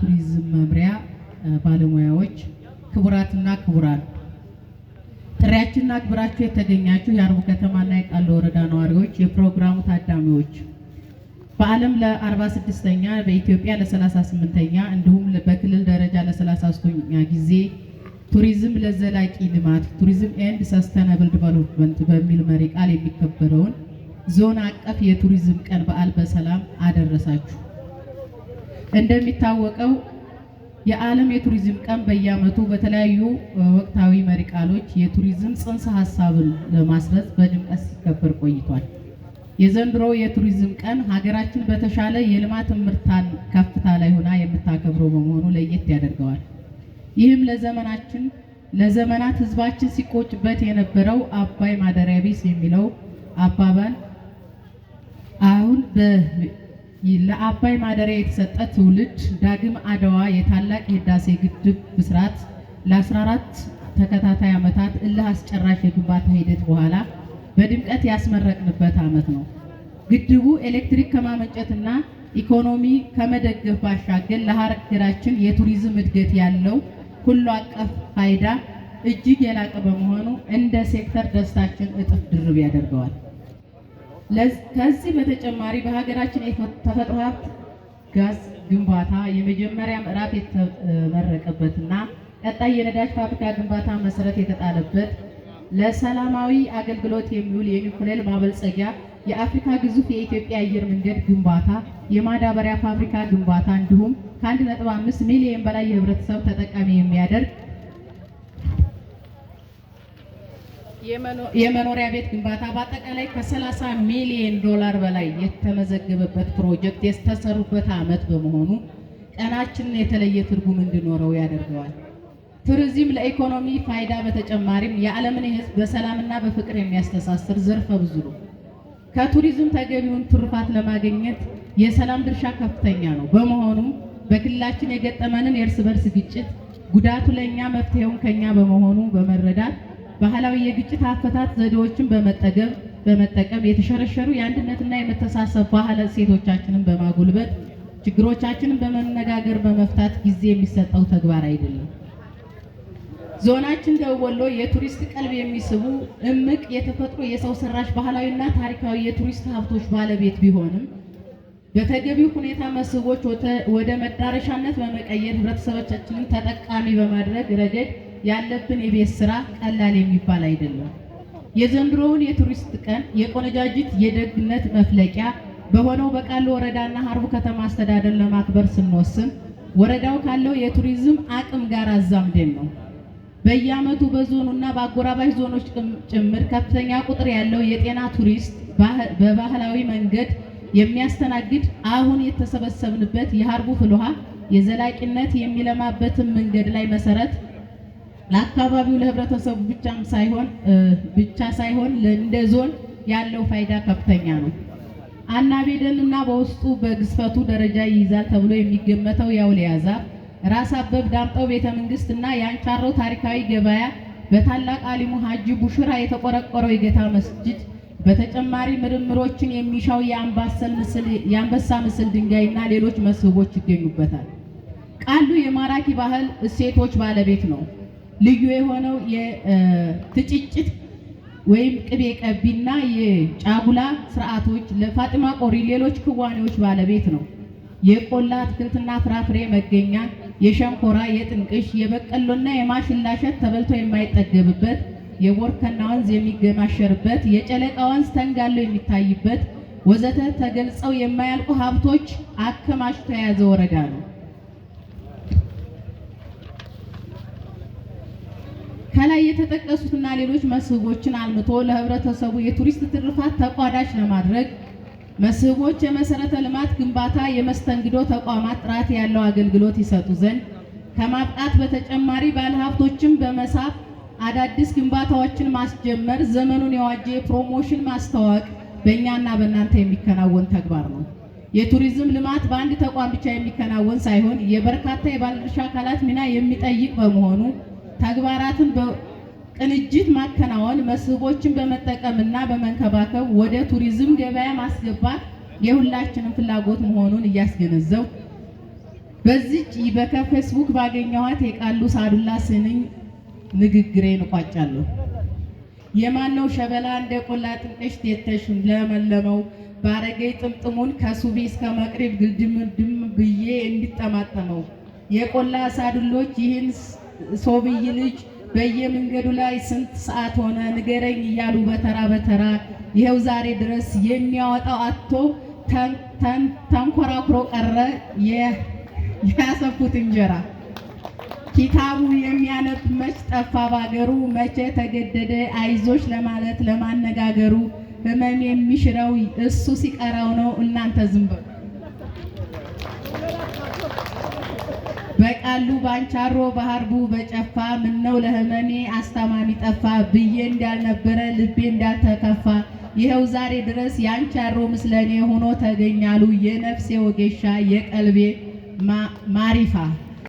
ቱሪዝም መምሪያ ባለሙያዎች፣ ክቡራትና ክቡራን ጥሪያችንና ክብራችሁ የተገኛችሁ የአርቡ ከተማና የቃሉ ወረዳ ነዋሪዎች፣ የፕሮግራሙ ታዳሚዎች በዓለም ለ46ኛ በኢትዮጵያ ለ38ኛ እንዲሁም በክልል ደረጃ ለ33ኛ ጊዜ ቱሪዝም ለዘላቂ ልማት ቱሪዝም ኤንድ ሰስተነብል ዲቨሎፕመንት በሚል መሪ ቃል የሚከበረውን ዞን አቀፍ የቱሪዝም ቀን በዓል በሰላም አደረሳችሁ። እንደሚታወቀው የዓለም የቱሪዝም ቀን በየዓመቱ በተለያዩ ወቅታዊ መሪ ቃሎች የቱሪዝም ጽንሰ ሀሳብን ለማስረጽ በድምቀት ሲከበር ቆይቷል። የዘንድሮ የቱሪዝም ቀን ሀገራችን በተሻለ የልማት ምርታን ከፍታ ላይ ሆና የምታከብረው በመሆኑ ለየት ያደርገዋል። ይህም ለዘመናችን ለዘመናት ህዝባችን ሲቆጭበት የነበረው አባይ ማደሪያ ቢስ የሚለው አባባል አሁን ለአባይ ማደሪያ የተሰጠ ትውልድ ዳግም አድዋ የታላቅ የህዳሴ ግድብ ብስራት ለ14 ተከታታይ ዓመታት እልህ አስጨራሽ የግንባታ ሂደት በኋላ በድምቀት ያስመረቅንበት ዓመት ነው። ግድቡ ኤሌክትሪክ ከማመንጨትና ኢኮኖሚ ከመደገፍ ባሻገር ለሀገራችን የቱሪዝም እድገት ያለው ሁሉ አቀፍ ፋይዳ እጅግ የላቀ በመሆኑ እንደ ሴክተር ደስታችን እጥፍ ድርብ ያደርገዋል። ከዚህ በተጨማሪ በሀገራችን የተፈጥሮ ሀብት ጋዝ ግንባታ የመጀመሪያ ምዕራፍ የተመረቀበትና ቀጣይ የነዳጅ ፋብሪካ ግንባታ መሰረት የተጣለበት ለሰላማዊ አገልግሎት የሚውል የኒኩሌል ማበልጸጊያ የአፍሪካ ግዙፍ የኢትዮጵያ አየር መንገድ ግንባታ፣ የማዳበሪያ ፋብሪካ ግንባታ እንዲሁም ከ1.5 ሚሊዮን በላይ የህብረተሰብ ተጠቃሚ የሚያደርግ የመኖሪያ ቤት ግንባታ በአጠቃላይ ከ30 ሚሊዮን ዶላር በላይ የተመዘገበበት ፕሮጀክት የተሰሩበት ዓመት በመሆኑ ቀናችንን የተለየ ትርጉም እንዲኖረው ያደርገዋል። ቱሪዝም ለኢኮኖሚ ፋይዳ በተጨማሪም የዓለምን ሕዝብ በሰላምና በፍቅር የሚያስተሳስር ዘርፈ ብዙ ነው። ከቱሪዝም ተገቢውን ትሩፋት ለማግኘት የሰላም ድርሻ ከፍተኛ ነው። በመሆኑም በክልላችን የገጠመንን የእርስ በርስ ግጭት ጉዳቱ ለእኛ መፍትሄውን ከኛ በመሆኑ በመረዳት ባህላዊ የግጭት አፈታት ዘዴዎችን በመጠገብ በመጠቀም የተሸረሸሩ የአንድነትና የመተሳሰብ ባህል እሴቶቻችንን በማጎልበት ችግሮቻችንን በመነጋገር በመፍታት ጊዜ የሚሰጠው ተግባር አይደለም። ዞናችን ደቡብ ወሎ የቱሪስት ቀልብ የሚስቡ እምቅ የተፈጥሮ የሰው ሰራሽ ባህላዊና ታሪካዊ የቱሪስት ሀብቶች ባለቤት ቢሆንም በተገቢው ሁኔታ መስህቦች ወደ መዳረሻነት በመቀየር ህብረተሰቦቻችንን ተጠቃሚ በማድረግ ረገድ ያለብን የቤት ስራ ቀላል የሚባል አይደለም። የዘንድሮውን የቱሪስት ቀን የቆነጃጅት የደግነት መፍለቂያ በሆነው በቃሉ ወረዳና ሀርቡ ከተማ አስተዳደር ለማክበር ስንወስን ወረዳው ካለው የቱሪዝም አቅም ጋር አዛምደን ነው። በየዓመቱ በዞኑና በአጎራባሽ ዞኖች ጭምር ከፍተኛ ቁጥር ያለው የጤና ቱሪስት በባህላዊ መንገድ የሚያስተናግድ አሁን የተሰበሰብንበት የሀርቡ ፍልውሃ የዘላቂነት የሚለማበትን መንገድ ላይ መሰረት ለአካባቢው ለህብረተሰቡ ብቻም ሳይሆን ብቻ ሳይሆን እንደ ዞን ያለው ፋይዳ ከፍተኛ ነው። አና እና በውስጡ በግዝፈቱ ደረጃ ይይዛል ተብሎ የሚገመተው የአውሊያ ዛፍ፣ ራስ አበብ ዳምጠው ቤተ መንግስት እና የአንቻረው ታሪካዊ ገበያ በታላቅ አሊሙ ሀጂ ቡሽራ የተቆረቆረው የጌታ መስጅድ በተጨማሪ ምርምሮችን የሚሻው የአንበሳ ምስል ድንጋይና ሌሎች መስህቦች ይገኙበታል። ቃሉ የማራኪ ባህል እሴቶች ባለቤት ነው። ልዩ የሆነው የትጭጭት ወይም ቅቤ ቀቢና የጫጉላ ስርዓቶች ለፋጢማ ቆሪ ሌሎች ክዋኔዎች ባለቤት ነው። የቆላ አትክልትና ፍራፍሬ መገኛ፣ የሸንኮራ፣ የጥንቅሽ፣ የበቀሎና የማሽላሸት ተበልቶ የማይጠገብበት፣ የቦርከና ወንዝ የሚገማሸርበት፣ የጨለቃ ወንዝ ተንጋሎ የሚታይበት ወዘተ ተገልጸው የማያልቁ ሀብቶች አከማችቶ የያዘ ወረዳ ነው። ከላይ የተጠቀሱትና ሌሎች መስህቦችን አልምቶ ለህብረተሰቡ የቱሪስት ትርፋት ተቋዳሽ ለማድረግ መስህቦች የመሰረተ ልማት ግንባታ፣ የመስተንግዶ ተቋማት ጥራት ያለው አገልግሎት ይሰጡ ዘንድ ከማብቃት በተጨማሪ ባለሀብቶችን በመሳብ አዳዲስ ግንባታዎችን ማስጀመር ዘመኑን የዋጀ የፕሮሞሽን ማስተዋወቅ በእኛና በእናንተ የሚከናወን ተግባር ነው። የቱሪዝም ልማት በአንድ ተቋም ብቻ የሚከናወን ሳይሆን የበርካታ የባለድርሻ አካላት ሚና የሚጠይቅ በመሆኑ ተግባራትን በቅንጅት ማከናወን፣ መስህቦችን በመጠቀምና በመንከባከብ ወደ ቱሪዝም ገበያ ማስገባት የሁላችንም ፍላጎት መሆኑን እያስገነዘው በዚች በከፌስቡክ ባገኘኋት የቃሉ ሳዱላ ስንኝ ንግግሬ እንቋጫለሁ። የማነው ሸበላ እንደ ቆላ ጥንቅሽ የተሽም ለመለመው ባረገይ ጥምጥሙን ከሱቤ እስከ መቅሪብ ግድምድም ብዬ እንዲጠማጠመው የቆላ ሳዱሎች ይህን ሶብይ ልጅ በየመንገዱ ላይ ስንት ሰዓት ሆነ ንገረኝ እያሉ በተራ በተራ ይኸው ዛሬ ድረስ የሚያወጣው አቶ ተንኮራኩሮ ቀረ። ያሰፉት እንጀራ ኪታቡ የሚያነብ መች ጠፋ ባገሩ፣ መቼ ተገደደ አይዞች ለማለት ለማነጋገሩ፣ ህመም የሚሽረው እሱ ሲቀረው ነው እናንተ ዝም በሉ። በቃሉ ባንቻሮ ባህርቡ በጨፋ ምነው ለህመሜ አስታማሚ ጠፋ ብዬ እንዳልነበረ ልቤ እንዳልተከፋ ይኸው ዛሬ ድረስ ያንቻሮ ምስለኔ ሆኖ ተገኛሉ የነፍሴ ወጌሻ የቀልቤ ማሪፋ